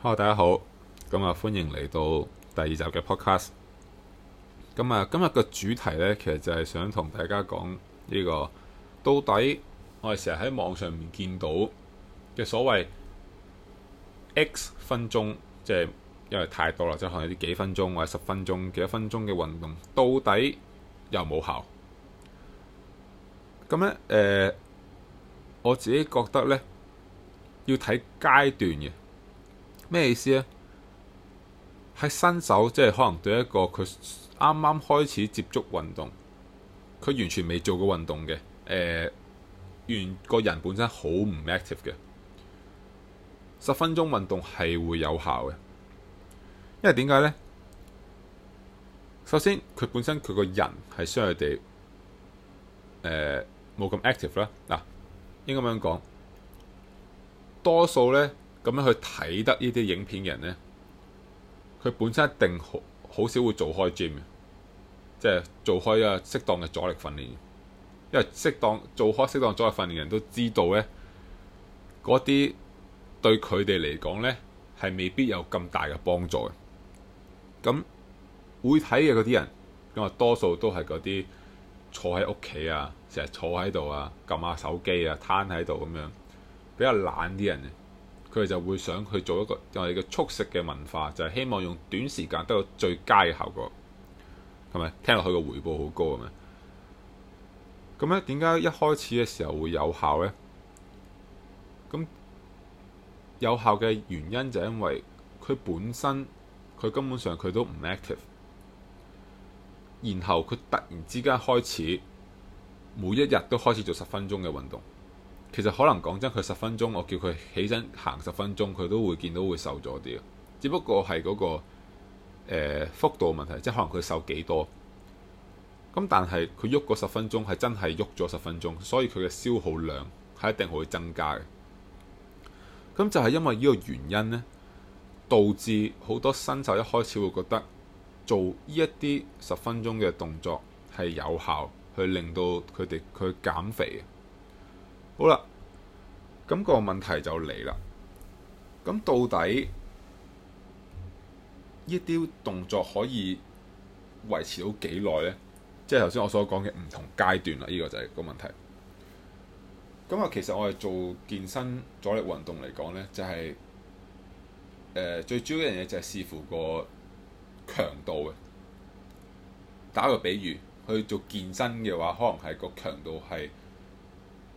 Hello 大家好，咁、嗯、啊，歡迎嚟到第二集嘅 podcast。咁、嗯、啊，今日嘅主題呢，其實就係想同大家講呢、這個到底我哋成日喺網上面見到嘅所謂 X 分鐘，即係因為太多啦，即係可能啲幾分鐘或者十分鐘幾多分鐘嘅運動，到底有冇效？咁、嗯、呢，誒、嗯，我自己覺得呢，要睇階段嘅。咩意思啊？係新手，即係可能對一個佢啱啱開始接觸運動，佢完全未做過運動嘅，誒、呃，原個人本身好唔 active 嘅，十分鐘運動係會有效嘅，因為點解咧？首先，佢本身佢個人係相對地，誒、呃，冇咁 active 啦。嗱，應該咁樣講，多數咧。咁樣去睇得呢啲影片嘅人咧，佢本身一定好好少會做開 gym 嘅，即係做開啊適當嘅阻力訓練。因為適當做開適當阻力訓練嘅人都知道咧，嗰啲對佢哋嚟講咧係未必有咁大嘅幫助嘅。咁會睇嘅嗰啲人，我話多數都係嗰啲坐喺屋企啊，成日坐喺度啊，撳下手機啊，攤喺度咁樣比較懶啲人。佢就會想去做一個我哋嘅速食嘅文化，就係希望用短時間得到最佳嘅效果，係咪？聽落去個回報好高啊嘛！咁咧，點解一開始嘅時候會有效咧？咁有效嘅原因就係因為佢本身佢根本上佢都唔 active，然後佢突然之間開始每一日都開始做十分鐘嘅運動。其實可能講真，佢十分鐘，我叫佢起身行十分鐘，佢都會見到會瘦咗啲。只不過係嗰、個、呃、幅度問題，即係可能佢瘦幾多。咁但係佢喐嗰十分鐘係真係喐咗十分鐘，所以佢嘅消耗量係一定會增加嘅。咁就係因為呢個原因呢，導致好多新手一開始會覺得做呢一啲十分鐘嘅動作係有效，去令到佢哋佢減肥。好啦，咁個問題就嚟啦。咁到底呢啲動作可以維持到幾耐咧？即係頭先我所講嘅唔同階段啦，呢個就係個問題。咁啊，其實我哋做健身阻力運動嚟講咧，就係誒最主要一樣嘢就係視乎個強度嘅。打個比喻，去做健身嘅話，可能係個強度係。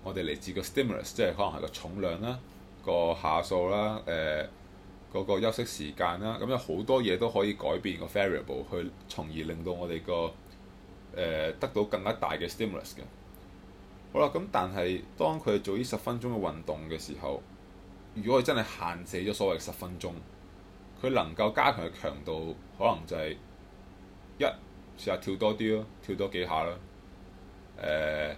我哋嚟自個 stimulus，即係可能係個重量啦、個下數啦、誒、呃、嗰個，個休息時間啦，咁、嗯、有好多嘢都可以改變個 variable，去從而令到我哋個誒、呃、得到更加大嘅 stimulus 嘅。好啦，咁、嗯、但係當佢做呢十分鐘嘅運動嘅時候，如果佢真係限死咗所謂十分鐘，佢能夠加強嘅強度，可能就係、是、一試下跳多啲咯，跳多幾下啦，誒、呃。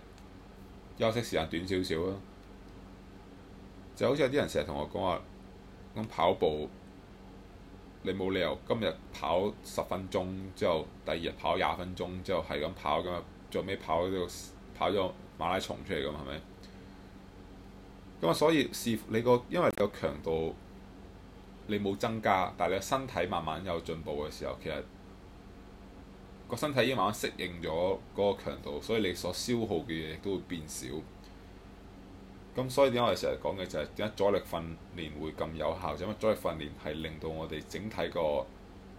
休息時間短少少啊，就好似有啲人成日同我講話咁跑步，你冇理由今日跑十分鐘之後，第二日跑廿分鐘之後係咁跑咁，今日最尾跑到跑咗馬拉松出嚟咁係咪？咁啊，所以視乎你個因為個強度你冇增加，但係你個身體慢慢有進步嘅時候，其實。個身體已經慢慢適應咗嗰個強度，所以你所消耗嘅嘢都會變少。咁所以點解我哋成日講嘅就係點解阻力訓練會咁有效？因為阻力訓練係令到我哋整體個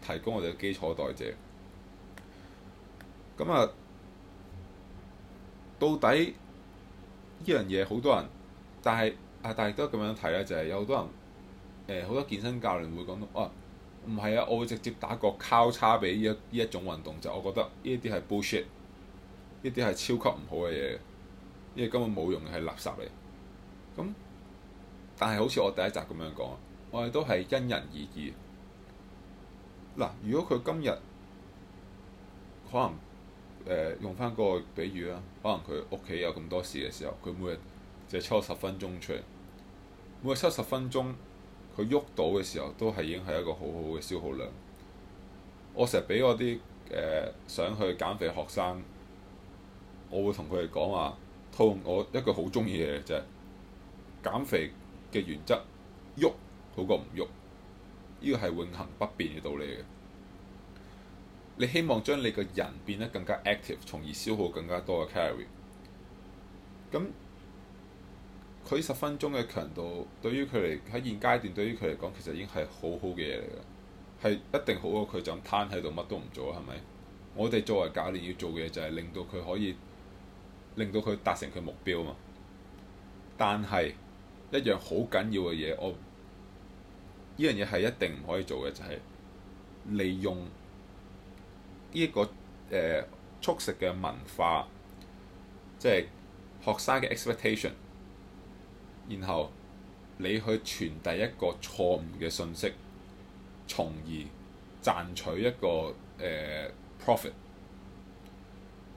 提供我哋嘅基礎代謝。咁啊，到底呢樣嘢好多人，但係啊，但係都咁樣睇啊，就係有好多人誒好多健身教練會講到啊。唔係啊！我會直接打個交叉俾呢一呢一種運動，就我覺得呢啲係 bullshit，呢啲係超級唔好嘅嘢，因為根本冇用嘅係垃圾嚟。咁，但係好似我第一集咁樣講，我哋都係因人而異。嗱，如果佢今日可能誒、呃、用翻嗰個比喻啦，可能佢屋企有咁多事嘅時候，佢每日就係抽十分鐘出嚟，每日抽十分鐘。佢喐到嘅時候，都係已經係一個好好嘅消耗量。我成日俾我啲誒想去減肥學生，我會同佢哋講話，套我一個好中意嘅就係、是、減肥嘅原則，喐好過唔喐。呢個係永恆不變嘅道理嘅。你希望將你個人變得更加 active，從而消耗更加多嘅 calorie 咁。佢十分鐘嘅強度對於佢嚟，喺現階段對於佢嚟講，其實已經係好好嘅嘢嚟啦。係一定好過佢就攤喺度乜都唔做啊？係咪？我哋作為教練要做嘅嘢就係令到佢可以令到佢達成佢目標啊嘛。但係一樣好緊要嘅嘢，我呢樣嘢係一定唔可以做嘅，就係、是、利用呢、這、一個誒速食嘅文化，即、就、係、是、學生嘅 expectation。然後你去傳遞一個錯誤嘅信息，從而賺取一個誒、呃、profit。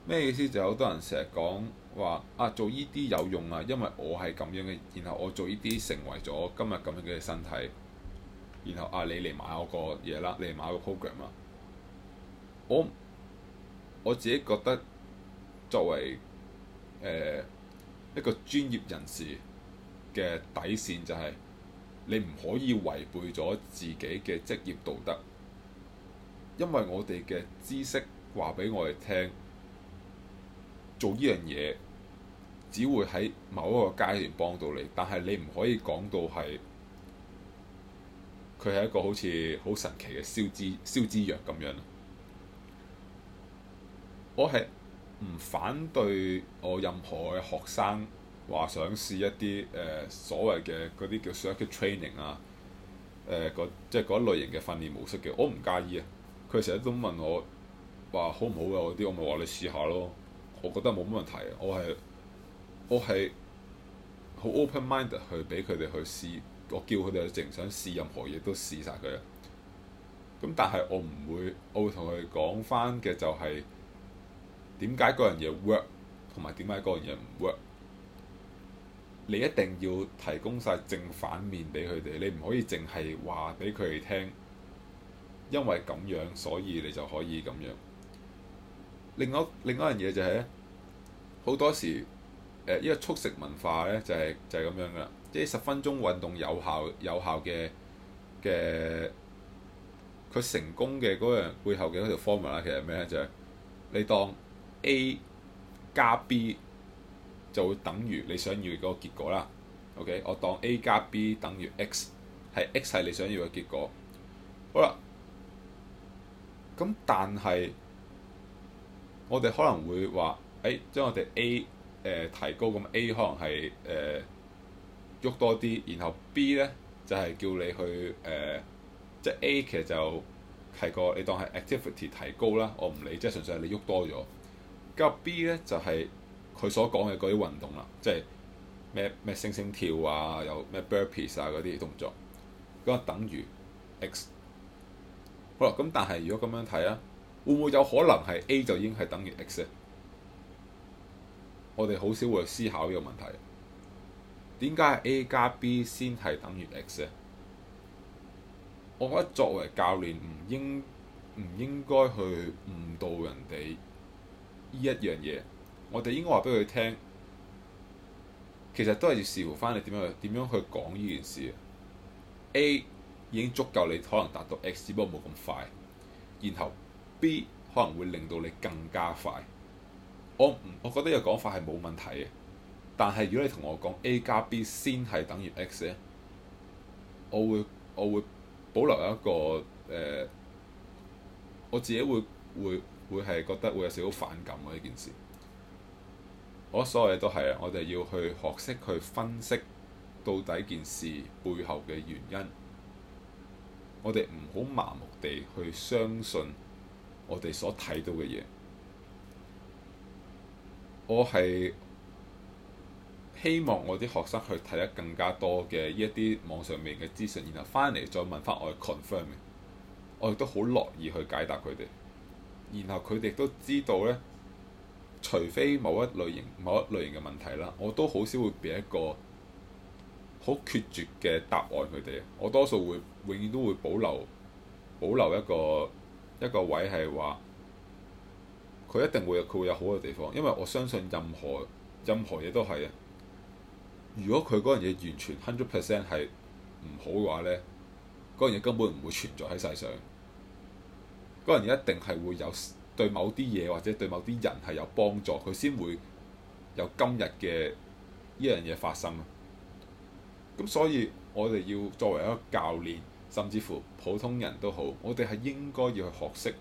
咩意思？就好多人成日講話啊，做依啲有用啊，因為我係咁樣嘅，然後我做依啲成為咗今日咁樣嘅身體。然後啊，你嚟買我個嘢啦，你嚟買個 program 啊。我我自己覺得作為誒、呃、一個專業人士。嘅底線就係你唔可以違背咗自己嘅職業道德，因為我哋嘅知識話畀我哋聽，做呢樣嘢只會喺某一個階段幫到你，但係你唔可以講到係佢係一個好似好神奇嘅消脂消脂藥咁樣。我係唔反對我任何嘅學生。話想試一啲誒、呃、所謂嘅嗰啲叫 circuit training 啊，誒、呃、即係嗰類型嘅訓練模式嘅，我唔介意啊。佢成日都問我話好唔好啊？嗰啲我咪話你試下咯。我覺得冇乜問題。我係我係好 open mind 去俾佢哋去試。我叫佢哋淨想試任何嘢都試晒佢啊。咁但係我唔會，我會同佢講翻嘅就係點解嗰樣嘢 work 同埋點解嗰樣嘢唔 work。你一定要提供晒正反面俾佢哋，你唔可以淨係話俾佢哋聽，因為咁樣所以你就可以咁樣。另外另外一樣嘢就係咧，好多時誒呢個速食文化咧就係就係咁樣噶啦，即係十分鐘運動有效有效嘅嘅，佢成功嘅嗰樣背後嘅嗰條 formula 其實係咩咧？就係你當 A 加 B。就會等於你想要嗰個結果啦。OK，我當 A 加 B 等於 X，係 X 係你想要嘅結果。好啦，咁但係我哋可能會話，誒、哎，將我哋 A 誒、呃、提高咁，A 可能係誒喐多啲，然後 B 咧就係、是、叫你去誒，即、呃、係、就是、A 其實就係個你當係 activity 提高啦，我唔理，即係純粹係你喐多咗。咁 B 咧就係、是。佢所講嘅嗰啲運動啦，即係咩咩星星跳啊，有咩 burpees 啊嗰啲動作，咁啊等於 X。好啦，咁但係如果咁樣睇啊，會唔會有可能係 A 就已經係等於 X 咧？我哋好少會思考呢個問題。點解 A 加 B 先係等於 X 咧？我覺得作為教練唔應唔應該去誤導人哋呢一樣嘢。我哋應該話俾佢聽，其實都係要視乎翻你點樣點樣去講呢件事。A 已經足夠你可能達到 X，只不過冇咁快。然後 B 可能會令到你更加快。我唔，我覺得個講法係冇問題嘅。但係如果你同我講 A 加 B 先係等於 X 咧，我會我會保留一個誒、呃，我自己會會會係覺得會有少少反感嘅呢件事。我所有嘢都係我哋要去學識去分析到底件事背後嘅原因。我哋唔好盲目地去相信我哋所睇到嘅嘢。我係希望我啲學生去睇得更加多嘅呢一啲網上面嘅資訊，然後翻嚟再問翻我 confirm。我亦都好樂意去解答佢哋，然後佢哋都知道咧。除非某一類型、某一類型嘅問題啦，我都好少會俾一個好決絕嘅答案佢哋。我多數會永遠都會保留保留一個一個位係話，佢一定會有佢會有好嘅地方，因為我相信任何任何嘢都係啊。如果佢嗰樣嘢完全 hundred percent 係唔好嘅話咧，嗰樣嘢根本唔會存在喺世上。嗰樣嘢一定係會有。對某啲嘢或者對某啲人係有幫助，佢先會有今日嘅呢樣嘢發生。咁所以我哋要作為一個教練，甚至乎普通人都好，我哋係應該要去學識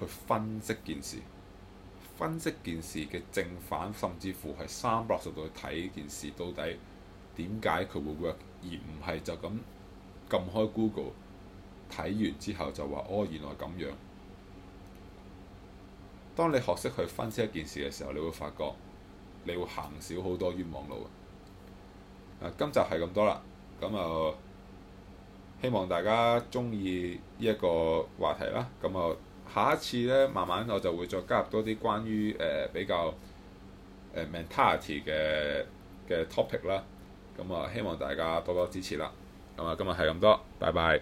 去分析件事，分析件事嘅正反，甚至乎係三百六十度去睇件事到底點解佢會 work，而唔係就咁撳開 Google 睇完之後就話，哦，原來咁樣。當你學識去分析一件事嘅時候，你會發覺，你會行少好多冤枉路嘅。啊，今集係咁多啦，咁啊，希望大家中意呢一個話題啦。咁啊，下一次咧，慢慢我就會再加入多啲關於誒、呃、比較誒、呃、mentality 嘅嘅 topic 啦。咁啊，希望大家多多支持啦。咁啊，今日係咁多，拜拜。